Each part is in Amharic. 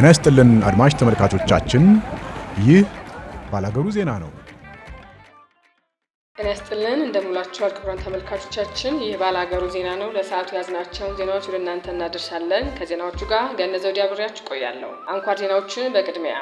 ጤና ይስጥልን አድማጭ ተመልካቾቻችን፣ ይህ ባላገሩ ዜና ነው። ጤና ይስጥልን እንደምላችኋል ክቡራን ተመልካቾቻችን፣ ይህ ባላገሩ ዜና ነው። ለሰዓቱ ያዝናቸውን ዜናዎች ወደ እናንተ እናደርሳለን። ከዜናዎቹ ጋር ገነዘው ዲያብሬያችሁ ቆያለሁ። አንኳር ዜናዎችን በቅድሚያ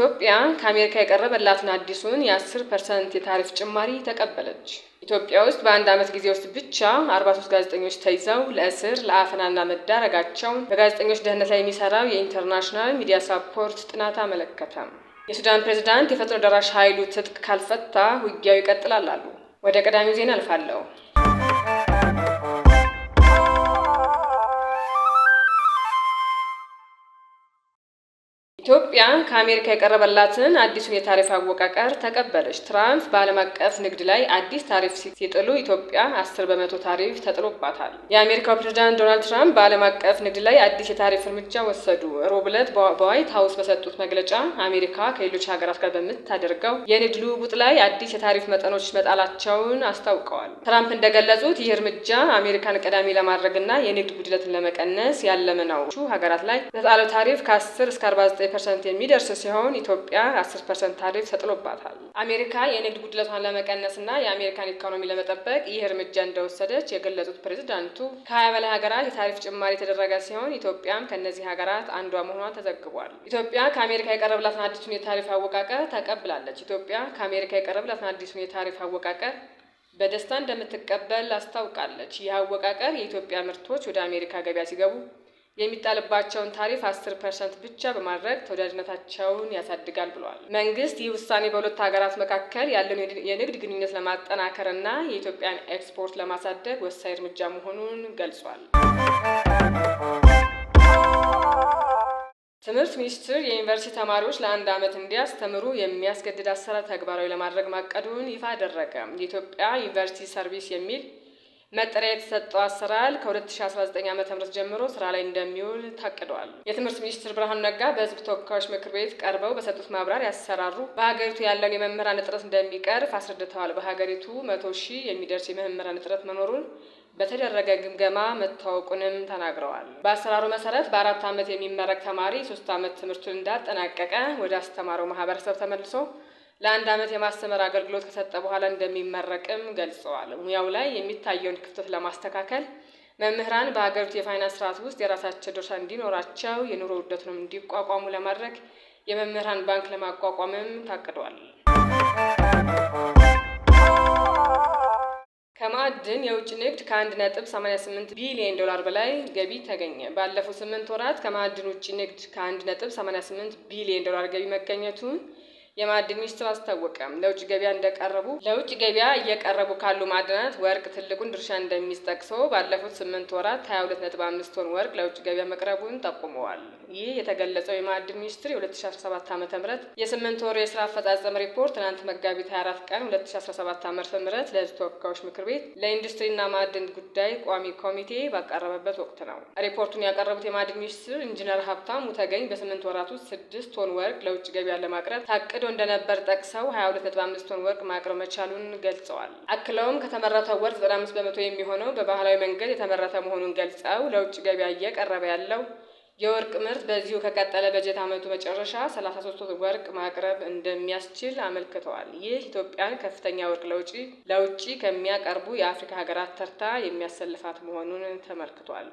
ኢትዮጵያ ከአሜሪካ የቀረበላትን አዲሱን የ10 ፐርሰንት የታሪፍ ጭማሪ ተቀበለች። ኢትዮጵያ ውስጥ በአንድ ዓመት ጊዜ ውስጥ ብቻ 43 ጋዜጠኞች ተይዘው ለእስር ለአፈናና መዳረጋቸው በጋዜጠኞች ደህንነት ላይ የሚሰራው የኢንተርናሽናል ሚዲያ ሳፖርት ጥናት አመለከተ። የሱዳን ፕሬዝዳንት የፈጥኖ ደራሽ ኃይሉ ትጥቅ ካልፈታ ውጊያው ይቀጥላል አሉ። ወደ ቀዳሚው ዜና አልፋለሁ። ከአሜሪካ የቀረበላትን አዲሱን የታሪፍ አወቃቀር ተቀበለች። ትራምፕ በዓለም አቀፍ ንግድ ላይ አዲስ ታሪፍ ሲጥሉ ኢትዮጵያ አስር በመቶ ታሪፍ ተጥሎባታል። የአሜሪካው ፕሬዚዳንት ዶናልድ ትራምፕ በዓለም አቀፍ ንግድ ላይ አዲስ የታሪፍ እርምጃ ወሰዱ። ሮብ ዕለት በዋይት ሀውስ በሰጡት መግለጫ አሜሪካ ከሌሎች ሀገራት ጋር በምታደርገው የንግድ ልውውጥ ላይ አዲስ የታሪፍ መጠኖች መጣላቸውን አስታውቀዋል። ትራምፕ እንደገለጹት ይህ እርምጃ አሜሪካን ቀዳሚ ለማድረግና የንግድ ጉድለትን ለመቀነስ ያለመ ነው። ሀገራት ላይ በተጣለው ታሪፍ ከ10 እስከ 49 ፐርሰንት የሚደ የሚደርስ ሲሆን ኢትዮጵያ አስር ፐርሰንት ታሪፍ ተጥሎባታል። አሜሪካ የንግድ ጉድለቷን ለመቀነስና የአሜሪካን ኢኮኖሚ ለመጠበቅ ይህ እርምጃ እንደወሰደች የገለጹት ፕሬዚዳንቱ ከሀያ በላይ ሀገራት የታሪፍ ጭማሪ የተደረገ ሲሆን ኢትዮጵያም ከእነዚህ ሀገራት አንዷ መሆኗ ተዘግቧል። ኢትዮጵያ ከአሜሪካ የቀረብላትን አዲሱን የታሪፍ አወቃቀር ተቀብላለች። ኢትዮጵያ ከአሜሪካ የቀረብላትን አዲሱን የታሪፍ አወቃቀር በደስታ እንደምትቀበል አስታውቃለች። ይህ አወቃቀር የኢትዮጵያ ምርቶች ወደ አሜሪካ ገበያ ሲገቡ የሚጣልባቸውን ታሪፍ አስር ፐርሰንት ብቻ በማድረግ ተወዳጅነታቸውን ያሳድጋል ብለዋል። መንግስት ይህ ውሳኔ በሁለት ሀገራት መካከል ያለውን የንግድ ግንኙነት ለማጠናከር እና የኢትዮጵያን ኤክስፖርት ለማሳደግ ወሳኝ እርምጃ መሆኑን ገልጿል። ትምህርት ሚኒስቴር የዩኒቨርሲቲ ተማሪዎች ለአንድ ዓመት እንዲያስተምሩ የሚያስገድድ አሰራር ተግባራዊ ለማድረግ ማቀዱን ይፋ አደረገ። የኢትዮጵያ ዩኒቨርሲቲ ሰርቪስ የሚል መጠሪያ የተሰጠው አሰራር ከ2019 ዓ ም ጀምሮ ስራ ላይ እንደሚውል ታቅደዋል። የትምህርት ሚኒስትር ብርሃኑ ነጋ በህዝብ ተወካዮች ምክር ቤት ቀርበው በሰጡት ማብራሪያ ያሰራሩ በሀገሪቱ ያለውን የመምህራን እጥረት እንደሚቀርፍ አስረድተዋል። በሀገሪቱ መቶ ሺህ የሚደርስ የመምህራን እጥረት መኖሩን በተደረገ ግምገማ መታወቁንም ተናግረዋል። በአሰራሩ መሰረት በአራት ዓመት የሚመረቅ ተማሪ ሶስት ዓመት ትምህርቱን እንዳጠናቀቀ ወደ አስተማረው ማህበረሰብ ተመልሶ ለአንድ ዓመት የማስተማር አገልግሎት ከሰጠ በኋላ እንደሚመረቅም ገልጸዋል። ሙያው ላይ የሚታየውን ክፍተት ለማስተካከል መምህራን በሀገሪቱ የፋይናንስ ስርዓት ውስጥ የራሳቸው ድርሻ እንዲኖራቸው የኑሮ ውደቱንም እንዲቋቋሙ ለማድረግ የመምህራን ባንክ ለማቋቋምም ታቅዷል። ከማዕድን የውጭ ንግድ ከ ነጥብ 88 ቢሊዮን ዶላር በላይ ገቢ ተገኘ። ባለፉት ስምንት ወራት ከማዕድን ውጭ ንግድ ከ ነጥብ 88 ቢሊዮን ዶላር ገቢ መገኘቱን የማዕድን ሚኒስትሩ አስታወቀ ለውጭ ገበያ እንደቀረቡ ለውጭ ገበያ እየቀረቡ ካሉ ማዕድናት ወርቅ ትልቁን ድርሻ እንደሚይዝ ባለፉት ስምንት ወራት ሀያ ሁለት ነጥብ አምስት ቶን ወርቅ ለውጭ ገበያ መቅረቡን ጠቁመዋል። ይህ የተገለጸው የማዕድን ሚኒስትር የ2017 ዓ ም የስምንት ወሩ የስራ አፈጻጸም ሪፖርት ትናንት መጋቢት 24 ቀን 2017 ዓ ም ለህዝብ ተወካዮች ምክር ቤት ለኢንዱስትሪና ማዕድን ጉዳይ ቋሚ ኮሚቴ ባቀረበበት ወቅት ነው። ሪፖርቱን ያቀረቡት የማዕድን ሚኒስትር ኢንጂነር ሀብታሙ ተገኝ በስምንት ወራት ውስጥ ስድስት ቶን ወርቅ ለውጭ ገበያ ለማቅረብ ታቅዶ እንደነበር ጠቅሰው 22.5 ቶን ወርቅ ማቅረብ መቻሉን ገልጸዋል። አክለውም ከተመረተው ወርቅ 95 በመቶ የሚሆነው በባህላዊ መንገድ የተመረተ መሆኑን ገልጸው ለውጭ ገበያ እየቀረበ ያለው የወርቅ ምርት በዚሁ ከቀጠለ በጀት ዓመቱ መጨረሻ 33 ቶን ወርቅ ማቅረብ እንደሚያስችል አመልክተዋል። ይህ ኢትዮጵያን ከፍተኛ ወርቅ ለውጪ ለውጭ ከሚያቀርቡ የአፍሪካ ሀገራት ተርታ የሚያሰልፋት መሆኑን ተመልክቷል።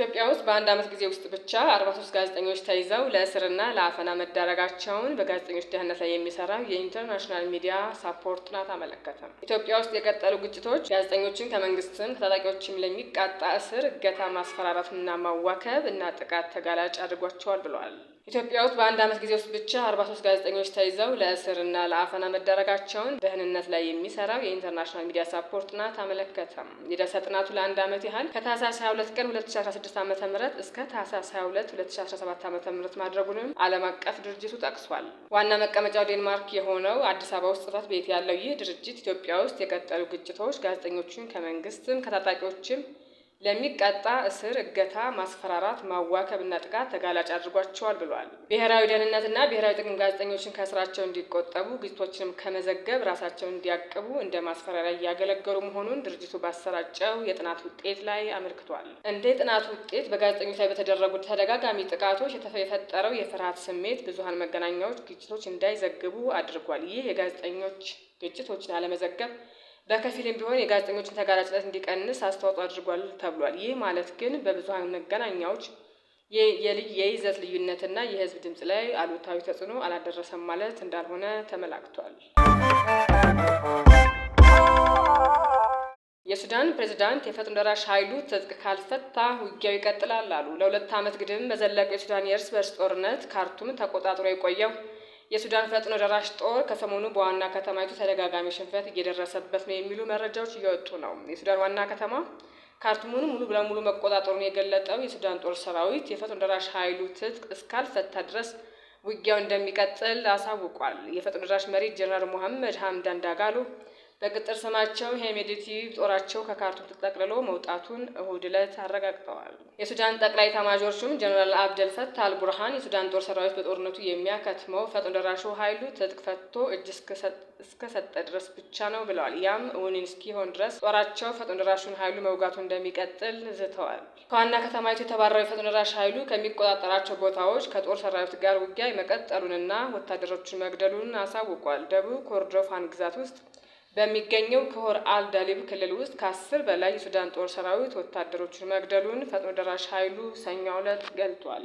ኢትዮጵያ ውስጥ በአንድ ዓመት ጊዜ ውስጥ ብቻ አርባ ሶስት ጋዜጠኞች ተይዘው ለእስርና ለአፈና መዳረጋቸውን በጋዜጠኞች ደህንነት ላይ የሚሰራው የኢንተርናሽናል ሚዲያ ሳፖርት ጥናት አመለከተም። ኢትዮጵያ ውስጥ የቀጠሉ ግጭቶች ጋዜጠኞችን ከመንግስትም ከታጣቂዎችም ለሚቃጣ እስር፣ እገታ፣ ማስፈራራትና ማዋከብ እና ጥቃት ተጋላጭ አድርጓቸዋል ብለዋል። ኢትዮጵያ ውስጥ በአንድ ዓመት ጊዜ ውስጥ ብቻ አርባ ሶስት ጋዜጠኞች ተይዘው ለእስርና ለአፈና መዳረጋቸውን ደህንነት ላይ የሚሰራው የኢንተርናሽናል ሚዲያ ሳፖርት ጥናት አመለከተም። የዳሰሳ ጥናቱ ለአንድ ዓመት ያህል ከታህሳስ 22 ቀን 2016 ዓ ም እስከ ታህሳስ 22 2017 ዓ ም ማድረጉንም ዓለም አቀፍ ድርጅቱ ጠቅሷል። ዋና መቀመጫው ዴንማርክ የሆነው አዲስ አበባ ውስጥ ጽሕፈት ቤት ያለው ይህ ድርጅት ኢትዮጵያ ውስጥ የቀጠሉ ግጭቶች ጋዜጠኞችን ከመንግስትም ከታጣቂዎችም ለሚቀጣ እስር፣ እገታ፣ ማስፈራራት፣ ማዋከብ እና ጥቃት ተጋላጭ አድርጓቸዋል ብሏል። ብሔራዊ ደህንነትና ብሔራዊ ጥቅም ጋዜጠኞችን ከስራቸው እንዲቆጠቡ፣ ግጭቶችንም ከመዘገብ ራሳቸውን እንዲያቅቡ እንደ ማስፈራሪያ እያገለገሉ መሆኑን ድርጅቱ ባሰራጨው የጥናት ውጤት ላይ አመልክቷል። እንደ ጥናት ውጤት በጋዜጠኞች ላይ በተደረጉ ተደጋጋሚ ጥቃቶች የፈጠረው የፍርሃት ስሜት ብዙሀን መገናኛዎች ግጭቶች እንዳይዘግቡ አድርጓል። ይህ የጋዜጠኞች ግጭቶችን አለመዘገብ በከፊልም ቢሆን የጋዜጠኞችን ተጋላጭነት እንዲቀንስ አስተዋጽኦ አድርጓል ተብሏል። ይህ ማለት ግን በብዙሀን መገናኛዎች የይዘት ልዩነትና የህዝብ ድምፅ ላይ አሉታዊ ተጽዕኖ አላደረሰም ማለት እንዳልሆነ ተመላክቷል። የሱዳን ፕሬዝዳንት የፈጥኖ ደራሽ ኃይሉ ትጥቅ ካልፈታ ውጊያው ይቀጥላል አሉ። ለሁለት ዓመት ግድም በዘለቀው የሱዳን የእርስ በርስ ጦርነት ካርቱም ተቆጣጥሮ የቆየው የሱዳን ፈጥኖ ደራሽ ጦር ከሰሞኑ በዋና ከተማይቱ ተደጋጋሚ ሽንፈት እየደረሰበት ነው የሚሉ መረጃዎች እየወጡ ነው። የሱዳን ዋና ከተማ ካርቱሙን ሙሉ ለሙሉ መቆጣጠሩን የገለጠው የሱዳን ጦር ሰራዊት የፈጥኖ ደራሽ ኃይሉ ትጥቅ እስካልፈታ ድረስ ውጊያው እንደሚቀጥል አሳውቋል። የፈጥኖ ደራሽ መሪ ጀነራል ሙሐመድ ሀምዳን ዳጋሎ በቅጥር ስማቸው ሄሜዲቲ ጦራቸው ከካርቱም ተጠቅልሎ መውጣቱን እሁድ ዕለት አረጋግጠዋል። የሱዳን ጠቅላይ ኤታማዦር ሹም ጀኔራል አብደል ፈታህ አልቡርሃን የሱዳን ጦር ሰራዊት በጦርነቱ የሚያከትመው ፈጥኖ ደራሹ ኃይሉ ትጥቅ ፈቶ እጅ እስከሰጠ ድረስ ብቻ ነው ብለዋል። ያም እውን እስኪሆን ድረስ ጦራቸው ፈጥኖ ደራሹን ኃይሉ መውጋቱ እንደሚቀጥል ዝተዋል። ከዋና ከተማይቱ የተባረረው የፈጥኖ ደራሽ ኃይሉ ከሚቆጣጠራቸው ቦታዎች ከጦር ሰራዊት ጋር ውጊያ መቀጠሉንና ወታደሮቹን መግደሉን አሳውቋል። ደቡብ ኮርዶፋን ግዛት ውስጥ በሚገኘው ከሆር አልዳሊብ ክልል ውስጥ ከአስር በላይ የሱዳን ጦር ሰራዊት ወታደሮችን መግደሉን ፈጥኖ ደራሽ ኃይሉ ሰኞ ዕለት ገልጧል።